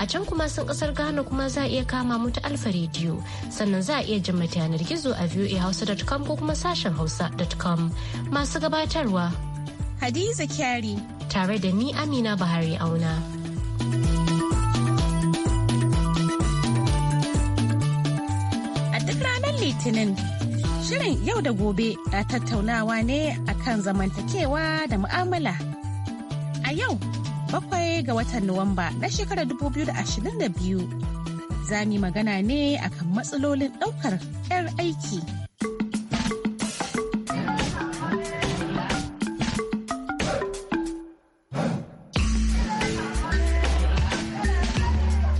a can kuma sun kasar ghana kuma za a iya kama mu alfa rediyo sannan za a iya jin yanar gizo a voahausa.com ko kuma sashen hausa.com masu gabatarwa hadiza kyari tare da ni amina bahari auna a duk ranar litinin Shirin yau da gobe na tattaunawa ne akan zamantakewa da mu'amala. A yau bakwai ga watan Nuwamba na shekarar 2022. Za mu magana ne akan matsalolin ɗaukar 'yar aiki.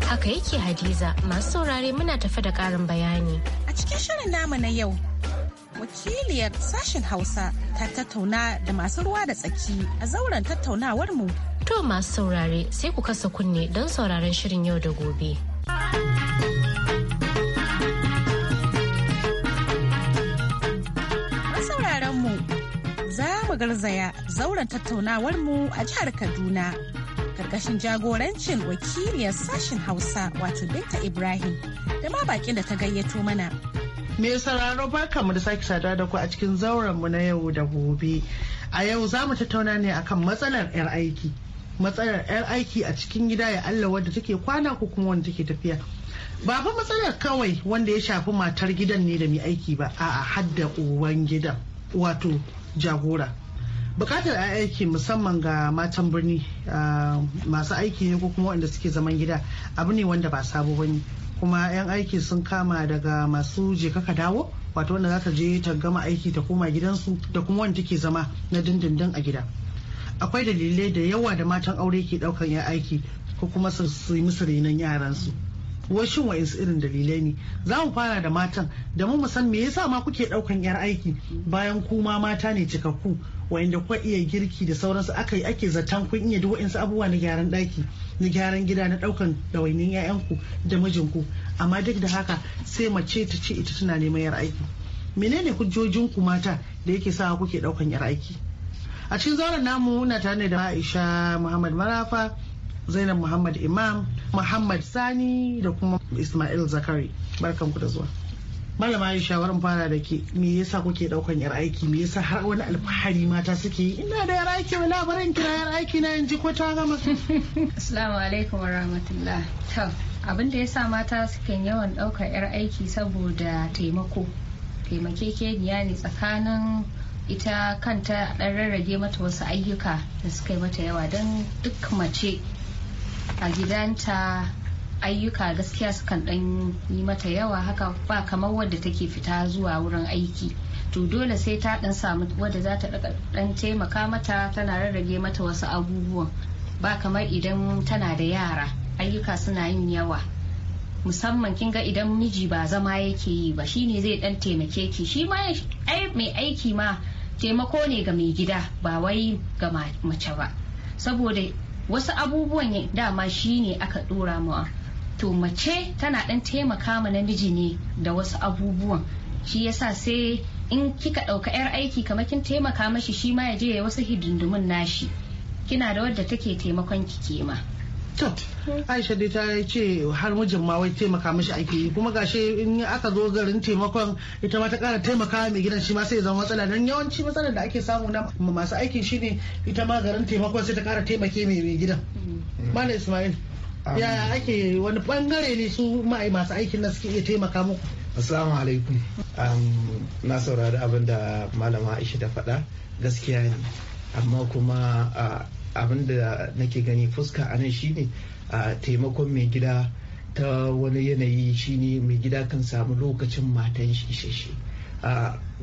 Haka yake Hadiza masu saurare muna tafe da ƙarin bayani. A cikin shirin namu na yau wakiliyar sashen hausa ta tattauna da masu ruwa da tsaki a zauren tattaunawar mu to masu saurare sai ku kasa kunne don sauraren shirin yau da gobe mu za mu garzaya zauren tattaunawar mu a jihar kaduna karkashin jagorancin wakiliyar sashen hausa wato binta ibrahim da ma bakin da ta gayyato mana Mai sauraro barka mu da sake saduwa da ku a cikin zauren mu na yau da gobe. A yau za mu tattauna ne a kan matsalar 'yar aiki. Matsalar 'yar aiki a cikin gida ya Allah wadda take kwana ko kuma wanda take tafiya. Ba fa matsalar kawai wanda ya shafi matar gidan ne da mai aiki ba, a'a hadda uban gidan wato jagora. Bukatar aiki musamman ga matan birni ah, masu aiki ne ko kuma wanda suke zaman gida abu ne wanda ba sabo bane kuma 'yan aiki sun kama daga masu je kaka dawo wato wanda za ta je ta gama aiki ta koma gidansu da kuma wanda ke zama na dindindin a gida akwai dalilai da yawa da matan aure ke daukan 'yan aiki ko kuma su yi musu renon yaransu wa wa'insu irin dalilai ne za mu fara da matan da mu san me yasa ma kuke daukan 'yar aiki bayan kuma mata ne cikakku wayanda kwa iya girki da sauransu aka yi ake zaton kun iya duk wa'insu abubuwa na gyaran daki na gyaran gida na ɗaukan ɗawainin 'ya'yanku da mijinku amma duk da haka sai mace ta ce ita tana neman yar aiki menene ku mata da yake sawa kuke ɗaukan yar aiki a cikin zauren namu muna tare da Aisha Muhammad Marafa Zainab Muhammad Imam Muhammad Sani da kuma Ismail Zakari barkanku da zuwa malama aisha warin fara da ke me yasa kuke daukan yar aiki me yasa har wani alfahari mata suke yi ina da yar aiki wala barin kira yar aiki na yanzu ko ta gama assalamu alaikum warahmatullah to abin da yasa mata suke yawan daukar yar aiki saboda taimako taimakekeniya ne tsakanin ita kanta dan rarrage mata wasu ayyuka da suka yi mata yawa don duk mace a gidanta ayyuka gaskiya sukan dan yi mata yawa haka ba kamar wadda take fita zuwa wurin aiki to dole sai ta dan samu wadda za ta dan taimaka mata tana rarrage mata wasu abubuwan ba kamar idan tana da yara ayyuka suna yin yawa musamman kin ga idan miji ba zama yake yi ba shine zai dan taimake ki shi ma ai mai aiki ma taimako ne ga mai gida ba wai ga mace ba saboda wasu abubuwan dama shine aka dora to mace tana dan taimaka ma namiji ne da wasu abubuwan shi yasa sai in kika ɗauka 'yar aiki kamar kin taimaka mashi shi ma ya je ya wasu hidindimun nashi kina da wadda take taimakon ki kema. To, Aisha dai ta ce har mijin ma wai taimaka mashi aiki kuma gashi in aka zo garin taimakon ita ma ta kara taimaka mai gidan shi ma sai zama matsala dan yawanci matsalar da ake samu na masu aikin shine ita ma garin taimakon sai ta kara taimake mai gidan. Mm. Malam Ismail. ya ake wani bangare ne su masu aikin na suke iya taimaka muku assalamu alaikum na saurari abin da malama aisha ta faɗa gaskiya ne amma kuma abin da nake gani fuska a nan shine taimakon mai gida ta wani yanayi shine mai gida kan samu lokacin matan shi isheshe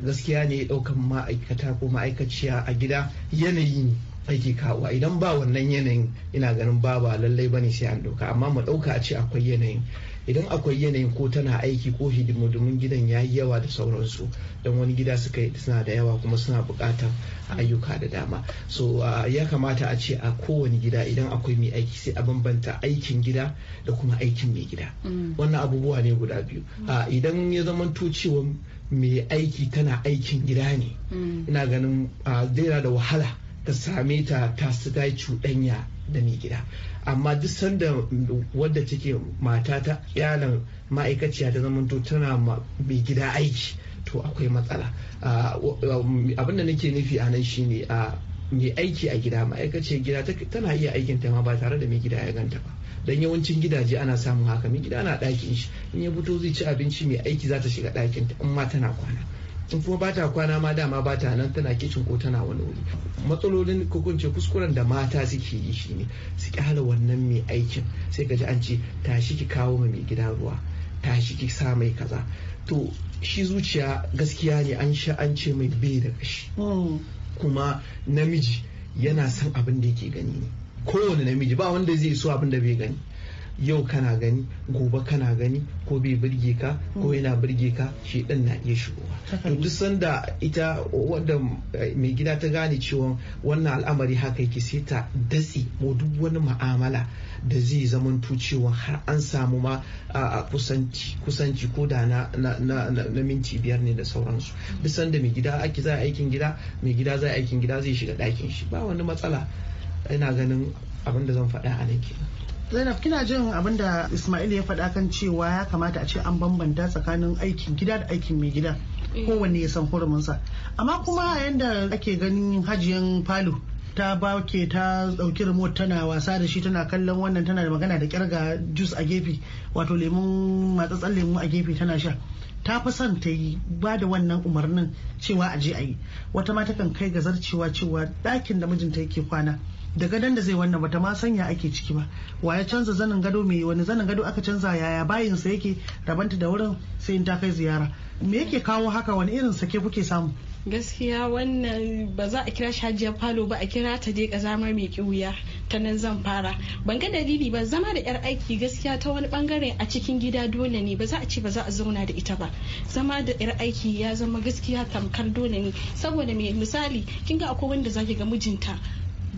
gaskiya ne ɗaukan ma'aikata ko ma'aikaciya a gida yanayi ne aiki kawo idan ba wannan yanayin ina ganin ba ba lallai bane sai an ɗauka amma mu ɗauka a ce akwai yanayin idan akwai yanayin ko tana aiki ko domin gidan ya yi yawa da sauransu don wani gida suka yi suna da yawa kuma suna buƙatar ayyuka da dama so ya kamata a ce a kowane gida idan akwai mai aiki sai a bambanta aikin gida da kuma aikin mai gida mm. wannan abubuwa ne guda biyu idan ya zamanto cewa mai aiki tana aikin gida ne mm. ina ganin zai da wahala ka same ta ta su dai cuɗanya da mai gida amma duk sanda wadda take mata ta yalan ma'aikaciya ta zamanto tana mai gida aiki to akwai matsala abinda nake nufi a nan shine a mai aiki a gida ma'aikaciyar gida tana iya aikin ta ma ba tare da mai gida ya ganta ba dan yawancin gidaje ana samun haka mai gida na ɗakin shi in ya fito zai ci abinci mai aiki za ta shiga ɗakin ta in ma tana kwana in kuma bata kwana ma dama bata nan tana kicin ko tana wani wuri matsalolin ko kuskuren da mata suke yi shine su kyala wannan mai aikin sai ka ji an ce tashi ki kawo ma mai gida ruwa tashi ki sa mai kaza to shi zuciya gaskiya ne an sha an ce mai bai da kashi mm. kuma namiji yana son abin da yake gani ne kowane namiji ba wanda zai so abin da bai gani yau kana gani gobe kana gani ko bai birge ka ko hmm. yana birge ka shi din na iya shigowa to duk sanda ita wanda eh, mai gida ta gane cewa wannan al'amari haka yake sai ta datse mu duk wani mu'amala da zai zaman cewa har an samu ma a kusanci kusanci ko da na na minti biyar ne da sauransu duk sanda mai gida ake za aikin gida mai gida za aikin gida zai shiga ɗakin shi ba wani matsala ina ganin abin da zan faɗa a nan kenan Zainab kina jin abin da Ismail ya faɗa kan cewa ya kamata a ce an bambanta tsakanin aikin gida da aikin mai gida eh. kowanne ya san huruminsa amma kuma yadda ake ganin hajiyan falo ta bake ta dauki remote tana wasa da shi tana kallon wannan tana da magana da kyarga jus a gefe wato lemun matsatsan lemu a gefe tana sha ta fi son ta yi ba da wannan umarnin cewa a je a yi wata ma takan kai ga zarcewa cewa ɗakin da mijinta yake kwana da gadon da zai wannan bata ma sanya ake ciki ba wa ya canza zanin gado mai wani zanin gado aka canza yaya sa yake rabanta da wurin sai in ta kai ziyara me yake kawo haka wani irin sake kuke samu gaskiya wannan ba za a kira shi hajiyar falo ba a kira ta dai kazamar mai kiwuya ta nan zan fara ban ga dalili ba zama da yar aiki gaskiya ta wani bangare a cikin gida dole ne ba za a ce ba za a zauna da ita ba zama da yar aiki ya zama gaskiya tamkar dole ne saboda mai misali kin ga akwai wanda zaki ga mijinta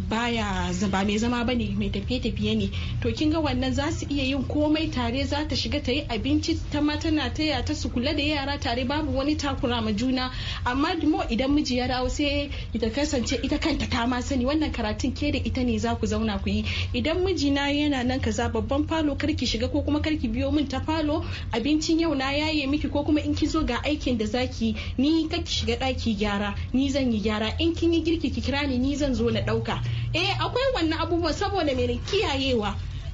baya zama mai zama bane mai tafiye-tafiye ne to kin ga wannan za su iya yin komai tare za ta shiga ta yi abinci ta ma tana taya ta su kula da yara tare babu wani takura ma juna amma mo idan miji ya dawo sai ita kasance ita kanta ta ma sani wannan karatun ke da ita ne za ku zauna ku yi idan na yana nan kaza babban falo kar ki shiga ko kuma kar ki biyo min ta falo abincin yau na yaye miki ko kuma in ki zo ga aikin da zaki ni kar ki shiga daki gyara ni zan yi gyara in kin yi girki ki kira ni ni zan zo na dauka eh akwai wannan abubuwa saboda mene kiyayewa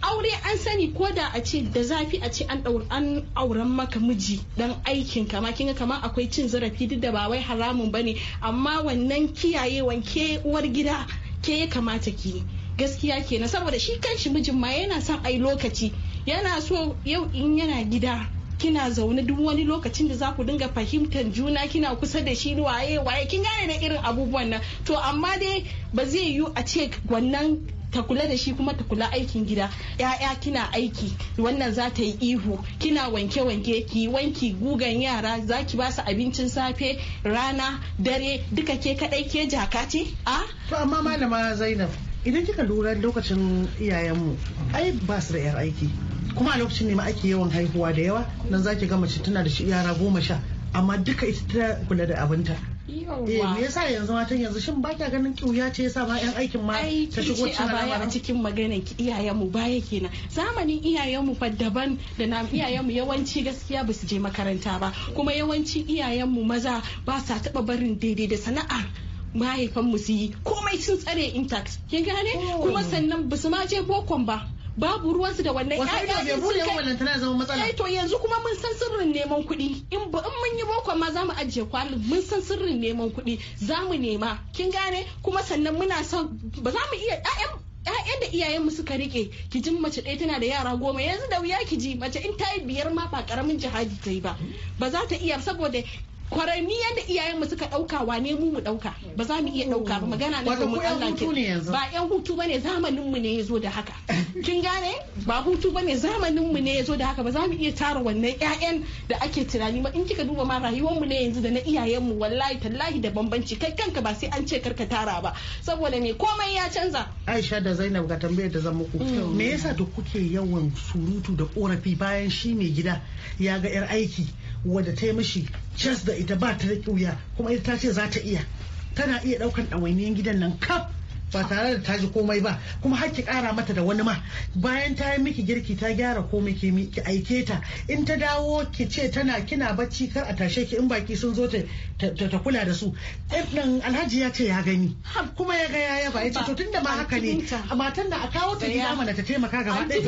aure an sani ko da a ce da zafi a ce an an auren maka miji dan aikin kama kinga kama akwai cin zarafi duk da ba wai haramun bane amma wannan kiyayewan ke uwar gida ke ya kamata ki gaskiya kenan saboda shi kanshi mijin ma yana son ai lokaci yana so yau in yana gida kina zaune duk wani lokacin da za ku dinga fahimtar juna kina kusa da shi waye waye kin gane da irin abubuwan nan to amma dai ba zai yiwu a ce wannan ta kula da shi kuma ta kula aikin gida ya'ya kina aiki wannan za ta yi ihu kina wanke wanke ki wanki gugan yara za ki ba su abincin safe rana dare duka ke kadai ke jaka ce a to amma malama zainab idan kika lura lokacin iyayenmu ai ba su da yar aiki kuma a lokacin ne ma ake yawan haihuwa da yawa nan ki ga mace tana da shi yara goma sha amma duka ita ta kula da abinta eh, me yasa yanzu matan yanzu shin ba kya ganin kiwuya ce yasa ma yan aikin ma ta shigo cikin baya a cikin magana iyayen mu baya kenan zamanin iyayen mu fa daban da na iyayen mu yawanci gaskiya ba su je makaranta ba kuma yawanci iyayen mu maza ba sa taba barin daidai da sana'a mahaifan mu su yi komai sun tsare intact kin gane oh. kuma sannan ba su ma je bokon ba babu ruwansu da wannan ƴaƴa sun kai eh, to yanzu kuma mun san sirrin neman kuɗi in ba in mun yi boko ma zamu ajiye kwalin mun san sirrin neman kuɗi zamu nema kin gane kuma sannan muna son ba za mu iya ƴaƴan ƴaƴan da iyayenmu suka rike ki jin mace ɗaya tana da yara goma yanzu da wuya ki ji mace in ta yi biyar ma ba karamin jihadi ta yi ba ba za ta iya saboda kwararni yadda iyayen mu suka dauka wane mu mu dauka ba za mu iya dauka ba magana na mu Allah ke ba yan hutu bane zamanin mu ne yazo da haka kin gane ba hutu bane zamanin mu ne yazo da haka ba za mu iya tara wannan ƴaƴan da ake tunani ba in kika duba ma rayuwar mu ne yanzu da na iyayen mu wallahi tallahi da bambanci kai kanka ba sai an ce karka tara ba saboda me komai ya canza Aisha da Zainab ga tambayar da zan muku mm. me yasa da kuke yawan surutu da korafi bayan shi mai gida ya ga yar aiki wadda ta yi mishi cas da ita ba ta da ƙuya kuma ita ta ce za ta iya tana iya ɗaukan ɗawainiyan gidan nan kaf ba tare da ta ji komai ba kuma har ki kara mata da wani ma bayan ta yi miki girki ta gyara komai ki ki aike ta in ta dawo ki ce tana kina bacci kar a tashe ki in baki sun zo ta kula da su ɗan alhaji ya ce ya gani kuma ya ga ya yaba ya ce to tunda ma haka ne matan da a kawo ta gida mana ta taimaka gaba ɗaya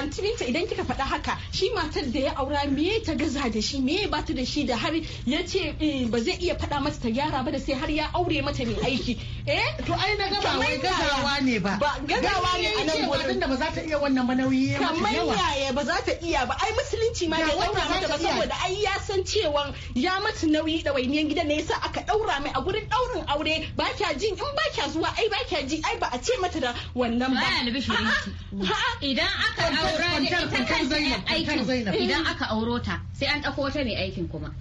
antiminta idan kika faɗa haka shi matar da ya aura me ta gaza da shi me ba ta da shi da har ya ce eh, ba zai iya faɗa mata ta gyara ba da sai har ya aure mata mai aiki eh to ai na ga ba wai gazawa ne ba gazawa ne a nan gurin tunda ba za ta iya wannan manauyi ya kamar yaya ba za ta iya ba ai musulunci ma ne daura mata ba saboda ai ya san cewa ya mata nauyi da wainiyan gidan ne yasa aka daura mai a gurin daurin aure ba kya jin in ba kya zuwa ai ba kya ji ai ba a ce mata da wannan ba idan aka aura da ita kan aikin idan aka auro ta sai an dako ta mai aikin kuma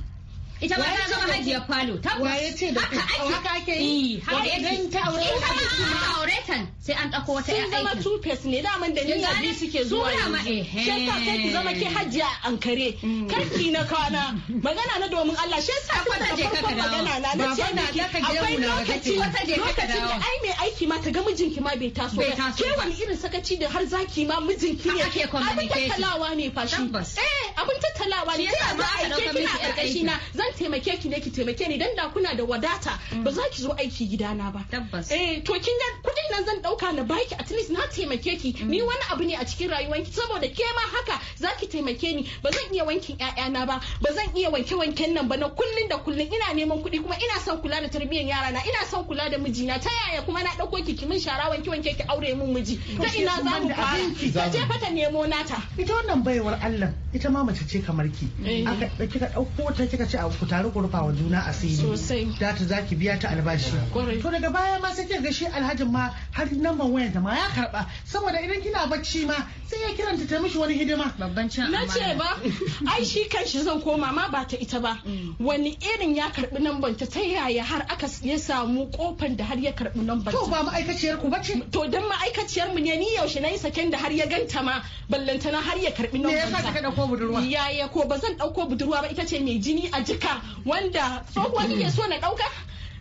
ita ba ta zama hajiyar falo tabbas haka ake haka ake yi eh, haka ake ta aure ta ma aure ta sai an dako wata yan aikin sun zama two face ne daman da ni biyu suke zuwa yanzu eh, shi yasa sai ki zama ke ki eh. a ankare mm. karki na kwana magana na domin Allah shi yasa ka ta je ka magana na na ce na ka je mu na lokaci lokacin da ai mai aiki ma ta ga mijinki ma bai taso ba ke wani irin sakaci da har zaki ma mijinki ne ake communication abin tattalawa ne fashi eh abin tattalawa ne kina ba a ke kina karkashi na zan taimake ki ne ki taimake ni dan da kuna da wadata ba za ki zo aiki gidana ba tabbas eh to kin ga kudin nan zan dauka na baki at least na taimake ki mm. ni wani abu ne a cikin rayuwanki saboda ke ma haka za ki taimake ni ba zan iya wankin na ba ba zan iya wanke wanken nan ba na kullun da kullun ina neman kuɗi kuma ina son kula da tarbiyyar yara na ina son kula da mijina ta yaya kuma na dauko ki ki min shara wanke wanke ki aure mun miji ta ina za mu fara ta fata nemo nata ita wannan baiwar Allah ita ma mace ce kamar ki eh. aka kika dauko ta kika ce ku tare ku rufa wa juna asiri da ta zaki biya ta albashi to daga baya ma sai kika ga shi alhajin ma har namban wayar da ma ya karba saboda idan kina bacci ma sai ya kiranta ta mishi wani hidima babban cin na ce ba ai shi kanshi zan koma ma ba ta ita ba mm. wani irin ya karbi namban ta ta yaya har aka ya samu kofan da har ya karbi namban to ba ma'aikaciyar ku bace to dan ma'aikaciyar mu ne ni yaushe nayi saken da har ya ganta ma ballantana har ya karbi namban ta ya saka ka dauko budurwa yaya ko ba zan dauko budurwa ba ita ce mai jini a jika wanda tsohuwa ne so na dauka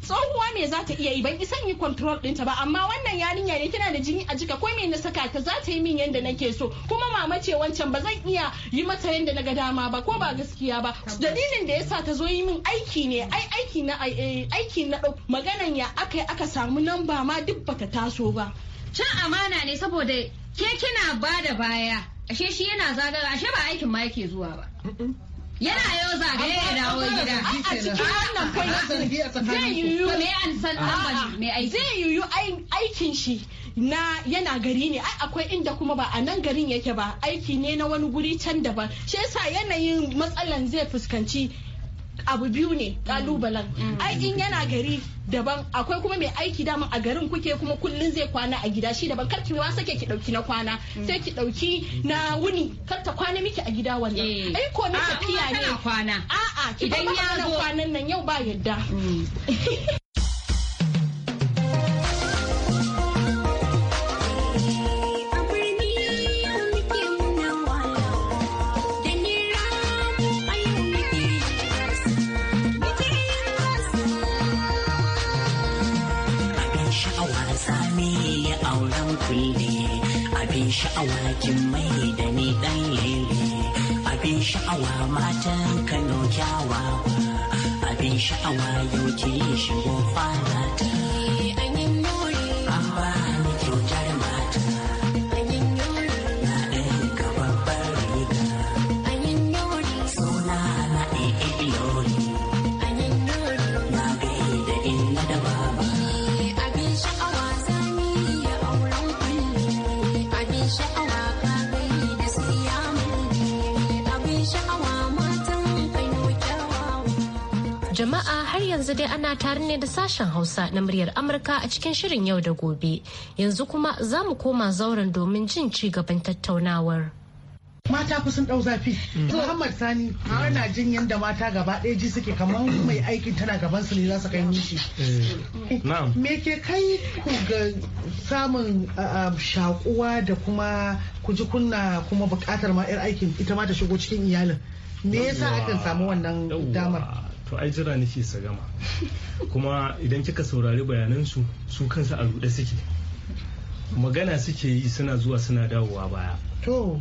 tsohuwa me za ta iya yi ban isan yi control ɗinta ba amma wannan yarinya ne tana da jini a jika ko me na saka ta za ta yi min yanda nake so kuma mama ce wancan ba zan iya yi mata yanda na ga dama ba ko ba gaskiya ba dalilin da yasa ta zo yi min aiki ne ai aiki na eh, aiki na maganan ya aka aka samu namba ma duk bata taso ba cin amana ne saboda ke kina ba da baya ashe shi yana zagara ashe ba aikin ma yake zuwa ba yana yau zagaye ya dawo gida a cikin wannan kai zai yiwu me an san me aiki zai yiwu aikin shi na yana gari ne ai akwai inda kuma ba a nan garin yake ba aiki ne na wani guri can daban shi yasa yanayin matsalan zai fuskanci abu biyu ne kalubalen mm. ai yana gari daban akwai kuma mai aiki dama a garin kuke kuma kullum zai kwana a gida shi daban karki wa sake ki dauki na kwana mm. sai ki dauki na wuni kar kwana miki a gida wannan eh. ai ko ah, tafiya ne a a ki dan kwanan nan yau ba yadda mm. sha'awa kin mai da ni dan lele abin sha'awa matan Kano kyawawa abin sha'awa yau ki shigo fara ta jama'a har yanzu dai ana tare ne da sashen Hausa na muryar Amurka a cikin shirin yau da gobe. Yanzu kuma za mu koma zauren domin jin ci gaban tattaunawar. mata kusan ɗau zafi mm. muhammad sani ana jin yadda mata gaba ɗaya ji suke kamar mai aiki tana gaban su ne za su kai mishi eh. me ke kai ku ga samun shakuwa da kuma ku ji kunna kuma buƙatar ma 'yar aikin ita ma ta shigo cikin iyalin me yasa akan samu wannan damar to ai jira nake sa gama kuma idan kika saurari bayanan su kansu a ruɗe suke magana suke yi suna zuwa suna dawowa baya to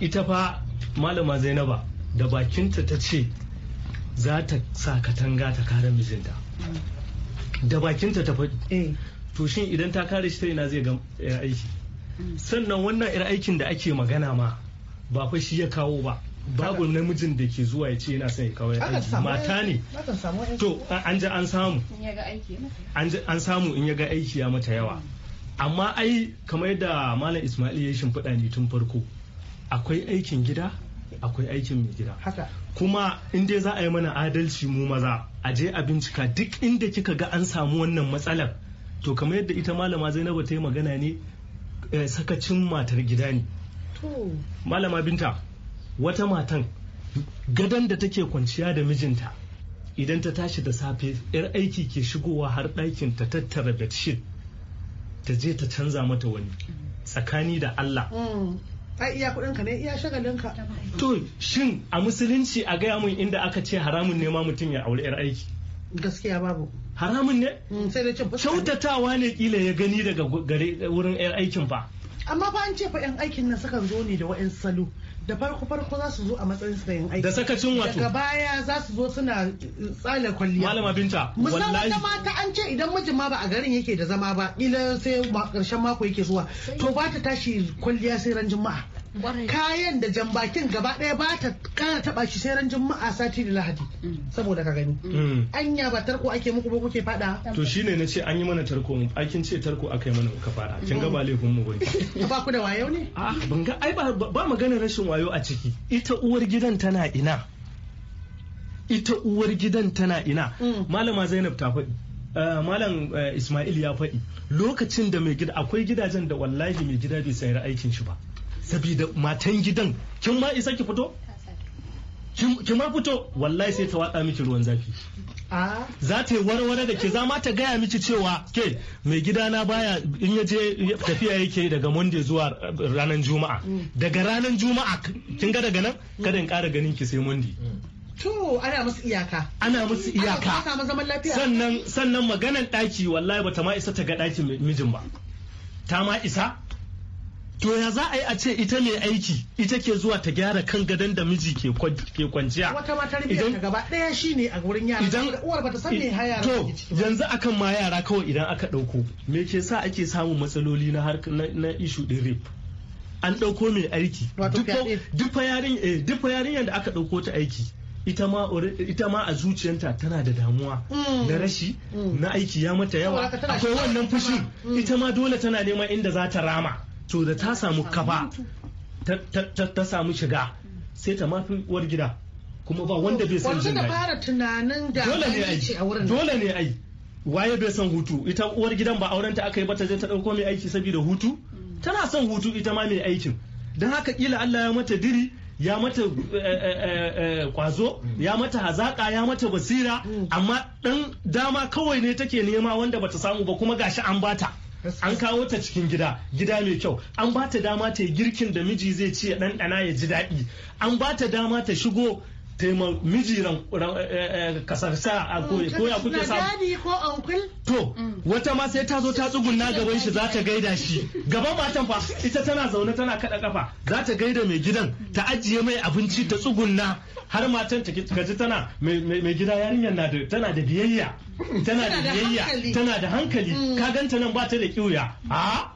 ita fa malama zainaba da bakinta ta ce za ta sa katanga ta kare mijinta mm. da bakinta ta faɗi eh. to shin idan ta kare shi ta ina zai ga aiki mm. sannan wannan irin aikin da ake magana ma ba fa shi ya kawo ba babu namijin da ke zuwa ya ce yana son ya kawai aiki mata ne to an ji an samu an samu in ya ga aiki ya mata yawa amma ai kamar da malam ismail ya shimfiɗa ni tun farko akwai aikin gida akwai aikin mai gida kuma in dai za a yi mana adalci mu maza a je a bincika duk inda kika ga an samu wannan matsalar to kamar yadda ita malama zainabu ta yi magana ne eh, sakacin matar gida ne malama binta wata matan gadon da take kwanciya da mijinta idan ta tashi da safe yar aiki ke shigowa har ɗakin ta tattara bedsheet ta je ta canza mata wani tsakani da Allah hmm. Ai iya kudinka ne iya shagalinka to shin a musulunci a gaya mun inda aka ce haramun ne ma mutum ya aure yar aiki gaskiya babu haramun ne hmm, sai da cin kyautatawa ne kila ya gani daga wurin yar aikin fa amma fa an ce fa yan aikin nan sukan zo ne da wa'in salo da farko farko za su zo a matsayin su aiki da sakacin wato daga baya za su zo suna tsala kwalliya malama binta wallahi. musamman mata an ce idan mijin ma ba a garin yake da zama ba ila sai karshen mako yake zuwa to ba ta tashi kwalliya sai ran juma'a kayan da jan bakin gaba daya ba ta kara taba shi sai ran juma'a sati da lahadi mm. saboda ka gani mm. Mm. anya ba tarko ake muku ba kuke fada to shine na ce an yi mana tarko akin ce tarko akai mana ka fada kin ga ba laifin mu bane ba ku da wayo ne a ah, ban ga ai ba magana rashin wayo a ciki ita uwar gidan tana ina ita uwar gidan tana ina malama zainab ta faɗi eh, malam eh, ismail ya faɗi lokacin da mai gida akwai gidajen da wallahi mai gida bai sayar aikin shi ba saboda matan gidan kin ma isa ki fito ki ma fito wallahi sai ta watsa miki ruwan zafi za ta yi warware da ke zama ta gaya miki cewa ke mai gidana baya in ya je tafiya yake daga monday zuwa ranar juma'a mm. daga ranar juma'a kin ga daga nan kada in kara ganin ki sai monday mm. To ana musu iyaka. Ana musu iyaka. Ana zaman lafiya. Sannan sannan maganan daki wallahi bata ma isa ta ga daki mijin ba. Ta ma isa to ya za a yi a ce ita ne aiki ita ke zuwa ta gyara kan gadon da miji ke kwanciya wata matar biyar ta gaba shi shine a wurin yara idan uwar ba ta san me yara to yanzu akan ma yara kawai idan aka ɗauko me ke sa ake samun matsaloli na har na issue din an ɗauko mai aiki duk fa yarin eh, yadda aka ɗauko ta aiki ita ma a zuciyanta tana da damuwa mm. na rashi mm. na aiki ya mata yawa akwai wannan fushin mm. ita ma dole tana neman inda za ta rama to da ta samu kafa ta samu shiga sai ta mafi uwar gida kuma ba wanda bai san jin daɗi fara tunanin da dole ne ai dole ne ai waye bai san hutu ita uwar gidan ba auren ta aka yi ba ta je ta dauko mai aiki saboda hutu tana son hutu ita ma mai aikin don haka kila Allah ya mata diri ya mata kwazo eh, eh, eh, ya mata hazaka ya mata basira amma dan dama kawai ne take nema wanda bata samu ba kuma gashi an bata an kawo ta cikin gida gida mai kyau an ba ta dama ta yi girkin da miji zai ci ya ɗanɗana ya ji daɗi an ba ta dama ta shigo taimar miji ran eh, eh, eh, kasarsa a mm, koya ko ya kuke sa ko uncle to mm. wata ma sai ta zo ta tsugunna gaban shi za ta gaida shi gaban matan fa ita tana zaune tana kada kafa za ta gaida mai gidan ta ajiye mai abinci ta tsugunna har matan ta kaji tana mai gida yarinyar na da tana da biyayya tana da biyayya tana da hankali mm. ka ganta nan ba ta da kiuya a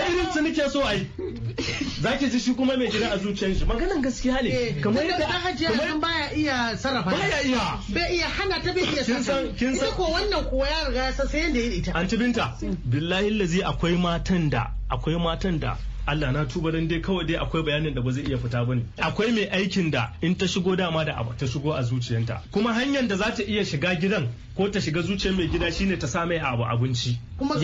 irin su nake so ai za ki ji shi kuma mai gida a zuciyar shi maganan gaskiya ne eh, kamar yadda ta hajiya kamar baya iya sarrafa baya iya bai iya hana ta bai iya kin san kin san ko wannan ko ya riga ya san sai yanda yake ita anti binta billahi lazi akwai matan da akwai matan da Allah na tuba dan dai kawai dai akwai bayanin da ba zai iya fita bane akwai mai aikin da in ta shigo dama da abu ta shigo a zuciyanta kuma hanyar da za ta iya shiga gidan ko ta shiga zuciyar mai gida shine ta same abu abinci kuma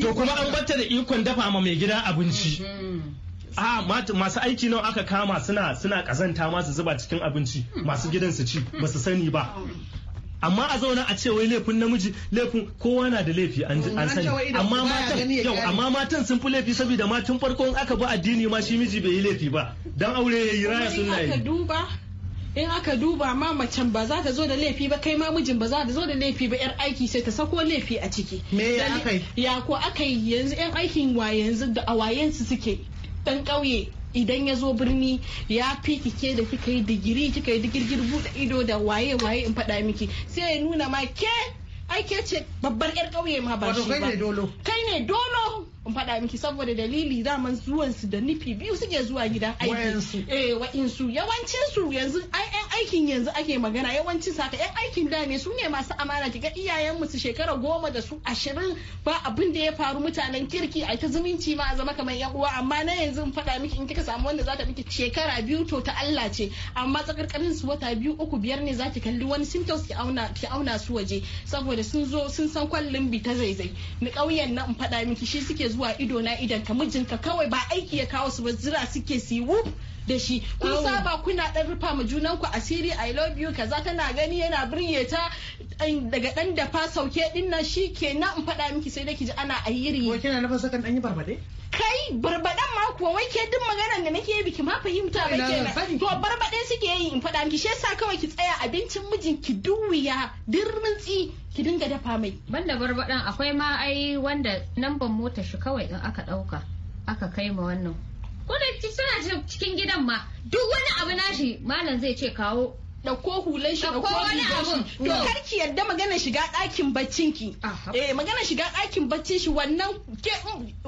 to kuma an barta da ikon dafa ma mai gida abinci mm-hmm. a masu aiki nawa aka kama suna suna kazanta masu zuba cikin abinci masu gidan su ci ba su sani ba amma a zauna a ce wai laifin namiji laifin kowa na da laifi an sani amma matan yau amma matan sun fi laifi saboda matan farkon aka bi addini ma shi miji bai yi laifi ba dan aure yayi raya sun yi in aka duba ma macen ba za ta zo da laifi ba kai ma mijin ba za ta zo da laifi ba yar aiki sai ta sako laifi a ciki me ya akai ya ko yi yanzu yan aikin wa yanzu da awayen su suke dan kauye idan ya zo birni ya fi kike da kika yi digiri kika yi digirgir buɗe ido da waye waye in faɗa miki sai ya nuna ma ke Aike ce babbar yar kauye ma ba shi ba kai ne dolo kai ne dolo in faɗa miki saboda dalili zaman zuwan su da nufi biyu suke zuwa gidan aiki eh wa'insu yawancin yanzu ai yan aikin yanzu ake magana yawancin saka yan aikin da ne su ne masu amana ga iyayen mu su shekara goma da su ashirin ba abin da ya faru mutanen kirki a ta zumunci ma a zama kamar yan uwa amma na yanzu in faɗa miki in kika samu wanda zata miki shekara biyu to ta Allah ce amma tsakarkarin su wata biyu uku biyar ne zaki kalli wani symptoms ki auna ki auna su waje saboda sun zo sun san kwallon bi ta zaizai ni kauyen na in faɗa miki shi suke zuwa ido na idan ka mijinka kawai ba aiki ya kawo su ba zira suke su yi da shi kun saba kuna dan rufa ma junan ku asiri i love you kaza kana gani yana birye ta daga dan dafa fa sauke din nan ke in faɗa miki sai da ki ji ana ayyiri ko kina nufin sakan dan yi barbade kai barbaɗan ma kuwa wai ke duk maganar da nake biki ma fahimta ba ke to barbaɗe suke yi in faɗa ki shesa kawai ki tsaya abincin mijin ki duwiya dirnitsi ki dinga dafa mai banda barbaɗan akwai ma ai wanda namban mota shi kawai in aka ɗauka aka kai ma wannan ko da suna cikin gidan ma duk wani abu nashi malam zai ce kawo Da ko hulan shi da ko wani abun to kar ki yarda magana shiga ɗakin baccin ki eh magana shiga ɗakin baccin shi wannan ke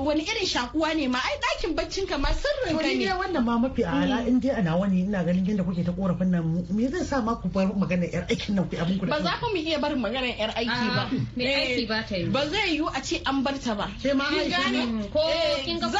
wani irin shakuwa ne ma ai ɗakin baccin ka ma sirrin ka ne to wannan ma mafi ala mm. in dai ana wani ina ganin yadda kuke ta korafin nan me zai sa ma ku bar maganar yar aikin nan ku abin ku ba za ku mu iya barin maganar yar aiki ba me eh, aiki ba ta yi ba zai yiwu a ce an bar ta ba ke ma aiki mm. ko eh, kin ga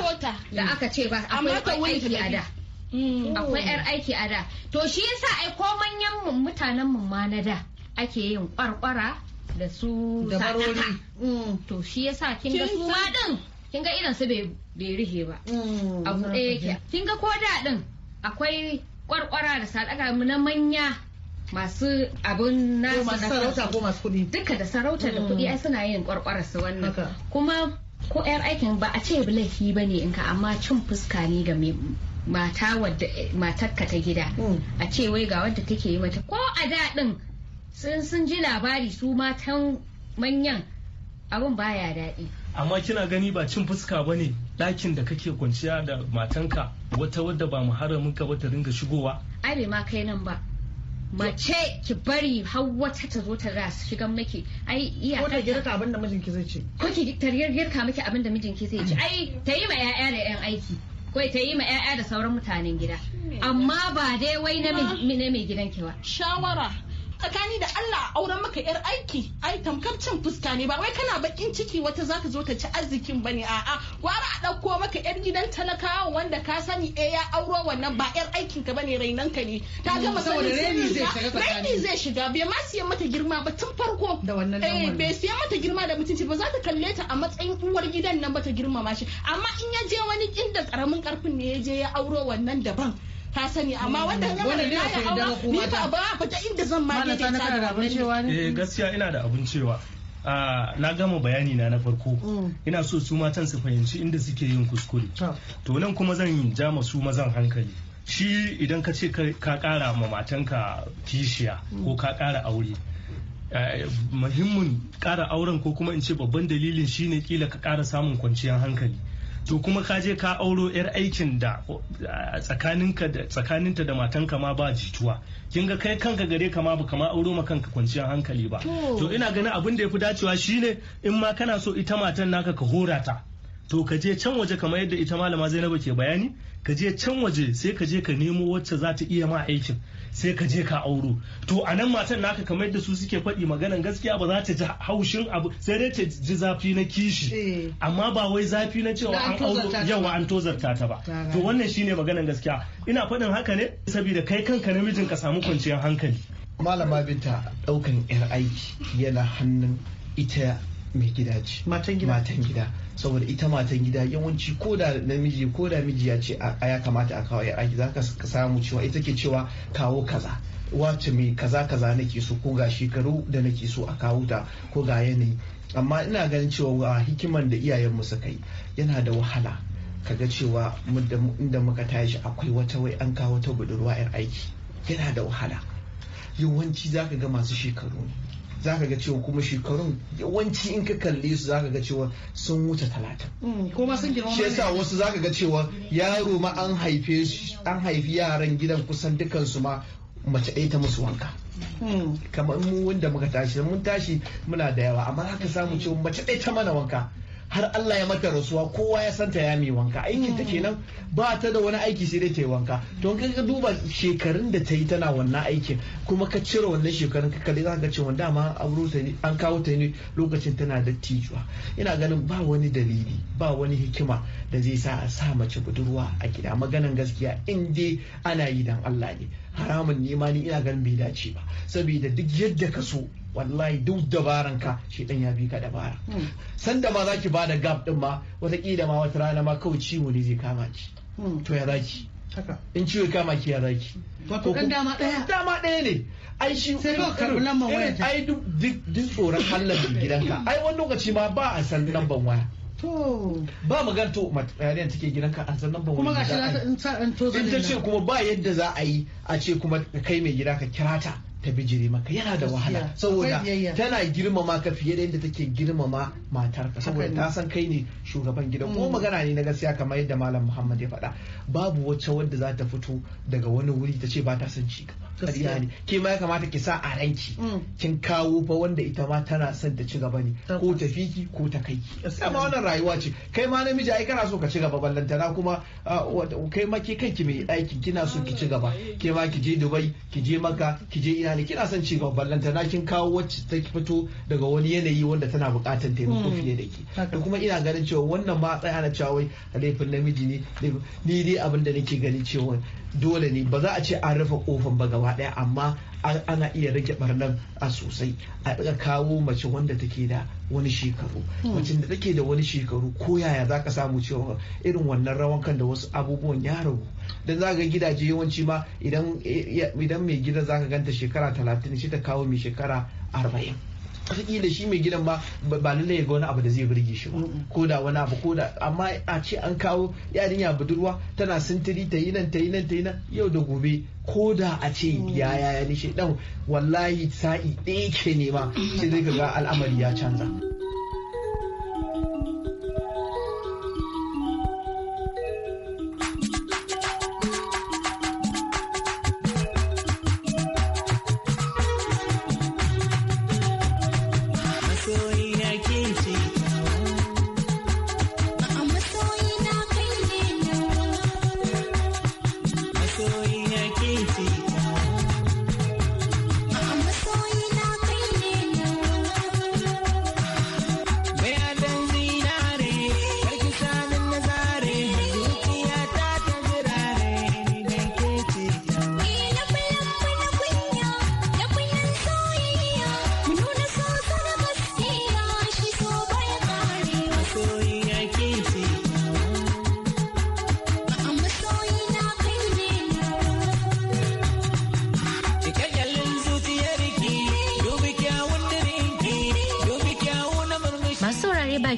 ko ta da aka ce ba akwai aiki a da Mm. akwai yar aiki a da to shi yasa ai ko manyan mutanen mu ma na da ake yin kwarkwara da su Da barori mm. to shi yasa kin ga su ma din kin ga irin su bai rihe ba mm. abu ɗaya yake kin ga ko da din akwai kwarkwara da sadaka na manya masu abun nasu na sarauta ko masu kuɗi duka da sarauta da kuɗi ai suna yin kwarkwara su wannan kuma ko yar aikin ba a ce laifi ba ne in ka amma cin fuska ne ga mai mata wadda eh, matarka ta gida hmm. a ce wai ga wadda take yi mata ko a daɗin sun sun ji labari su matan manyan abin baya daɗi amma kina gani ba cin fuska ba ne ɗakin da kake kwanciya da matanka wata wadda ba mu ka ba ta ringa shigowa ai bai ma kai nan ba mace ki bari har wata ta zo ta za su shiga miki ai iya ko ta girka abin da mijinki zai ce ko ki ta girka miki abin da mijinki zai ce hmm. ai ta yi ma 'ya'ya da 'yan aiki kawai ta yi ma 'ya'ya da sauran mutanen gida amma ba dai wai na mai gidan ki ba shawara tsakani da Allah auren maka yar aiki ai tamkar cin fuska ne ba wai kana bakin ciki wata zaka zo ta ci arzikin ne a'a gwara a ɗauko maka yar gidan talakawa wanda ka sani eh ya auro wannan ba yar aikin ka bane rainan ka ne ta gama saboda raini zai shiga raini zai shiga bai ma siyan mata girma ba tun farko da wannan eh bai siyan mata girma da mutunci ba za ta kalle ta a matsayin uwar gidan nan ba ta girmama shi amma in ya je wani inda karamin karfin ne ya je ya auro wannan daban ta sani amma wanda gama ya aura ni ba fita inda zan ma ta da cewa ne eh gaskiya ina da abun cewa ah, na gama bayani na na farko mm. ina so su matan su fahimci inda suke yin kuskure to nan kuma zan ja masu mazan hankali shi idan ka ce ka kara ma matanka kishiya ko ka kara aure eh, muhimmin kara auren ko kuma in ce babban dalilin shine kila ka kara samun kwanciyar hankali to kuma ka je ka auro yar aikin da tsakaninta da matanka ma ba jituwa kin ga kai kanka gare ka ma baka ma auro ma kanka kwanciyar hankali ba to ina ganin abin da yafi dacewa shine in ma kana so ita matan naka ka hora ta to ka je can waje kamar yadda ita malama Zainabu ke bayani ka je can waje sai ka je ka nemo wacce za ta iya ma aikin sai ka je ka auro to a nan matan naka kamar yadda su suke faɗi maganan gaskiya ba za ta ji haushin abu sai dai ta ji zafi na kishi eh. amma ba wai zafi na cewa an auro yawa an tozarta ta ba to wannan shine maganan gaskiya ina faɗin haka ne saboda kai kanka namijin ka samu kwanciyar hankali malama binta ɗaukan 'yar aiki yana hannun ita mai gida ce matan gida matan gida saboda ita matan gida yawanci ko da namiji ko da miji ya ce a ya kamata a kawo aiki za ka samu cewa ita ke cewa kawo kaza wace mai kaza kaza na ke so ko ga shekaru da nake so a kawo ta ko ga yanayi amma ina ganin cewa hikiman da iyayen mu suka yi yana da wahala kaga cewa inda muka tashi akwai wata wai an kawo ta budurwa 'yar aiki yana da wahala yawanci za ka ga masu shekaru ne za ka ga cewa kuma shekarun yawanci in ka kalli su za ka ga cewa sun wuce talatin. Mm, kuma sun girma shi yasa wasu za ka ga cewa yaro ma an haifi yaran gidan kusan dukansu ma mace ɗaya ta musu wanka mm. kamar mu wanda muka tashi mun tashi muna da yawa amma haka samu cewa mace ɗaya ta mana wanka har Allah ya mata rasuwa kowa ya santa ya mai wanka aikin ta kenan ba ta da wani aiki sai dai ta yi wanka to kai ka duba shekarun da ta yi tana wannan aikin kuma ka cire wannan shekarun ka kalli za ka ce wanda ma an kawo ta ni lokacin tana da tijuwa ina ganin ba wani dalili ba wani hikima da zai sa a sa mace budurwa a gida maganan gaskiya in dai ana yi dan Allah ne haramun nema ina ganin bai dace ba saboda duk yadda ka so wallahi duk dabaran ka shi ɗan ya bi ka dabara hmm. sanda ma za ba da gap din ma wataƙila ma wata rana ma kawai ciwo ne zai kama ki hmm. to ya zaki in ciwo kama ki ya zaki wato kan dama daya dama daya ne ai shi sai ka karbi lambar waya ai duk duk tsoron din gidanka ai wani lokaci ma ba a san lambar waya To ba magan to yarinyar take gidanka an san nan ba kuma gashi in ta in ta ce kuma ba yadda za a yi a ce kuma kai mai gida ka kirata. ta bijire maka yana da wahala saboda tana girmama ka fiye da yadda take girmama matarka saboda ta san kai ne shugaban gidan ko mm. magana ne na gaskiya kamar yadda malam Muhammad ya faɗa babu wacce wadda za ta fito daga wani wuri ta ce ba ta son ci gaba ne ke ma ya kamata ki sa a ranki mm. kin kawo fa wanda ita ma tana son ta ci gaba ne ko ta fiki ko ta kai amma wannan rayuwa ce kai ma namiji ai kana so ka ci gaba ballantana kuma ah, kai ma ke kanki mai aiki kina so ki ci gaba ke ma ki je Dubai ki je maka ki je ina ne kina son ci gaba ballanta kin kawo wacce ta fito daga wani yanayi wanda tana bukatan taimako hmm. fiye da ke da kuma ina ganin cewa wannan ma tsaya na cewa wai laifin namiji ne ni dai abin da nake gani cewa dole ne ba za a ce an rufe kofan ba gaba daya amma ana iya rage barnan a sosai a ɗaga kawo mace wanda take da wani shekaru hmm. mace da take da wani shekaru ko yaya za ka samu cewa irin wannan rawan kan da wasu abubuwan ya ragu don za ga gidaje yawanci ma eh, idan mai gida za ka ganta shekara talatin shi ta kawo mai shekara arba'in da shi mai gidan ba ba lalle ya ga wani abu da zai burge shi ba ko da wani abu ko da amma a ce an kawo yarinya budurwa tana sintiri ta yi nan ta yi nan ta yi nan yau da gobe ko da a ce mm. ya ya ya ni shi dan wallahi sa'i ɗaya ke nema sai zai ga al'amari ya canza.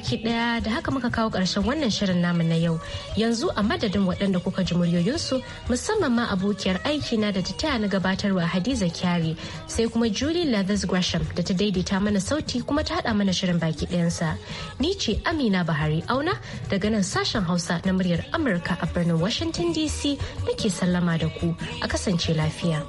baki daya da haka muka kawo karshen wannan shirin namu na yau yanzu a madadin waɗanda kuka ji muryoyinsu musamman ma abokiyar aiki na da ta taya na gabatarwa hadiza kyari sai kuma julie lathers gresham da ta daidaita mana sauti kuma ta haɗa mana shirin baki ɗayansa ni ce amina bahari auna daga nan sashen hausa na muryar amurka a birnin washington dc nake sallama da ku a kasance lafiya.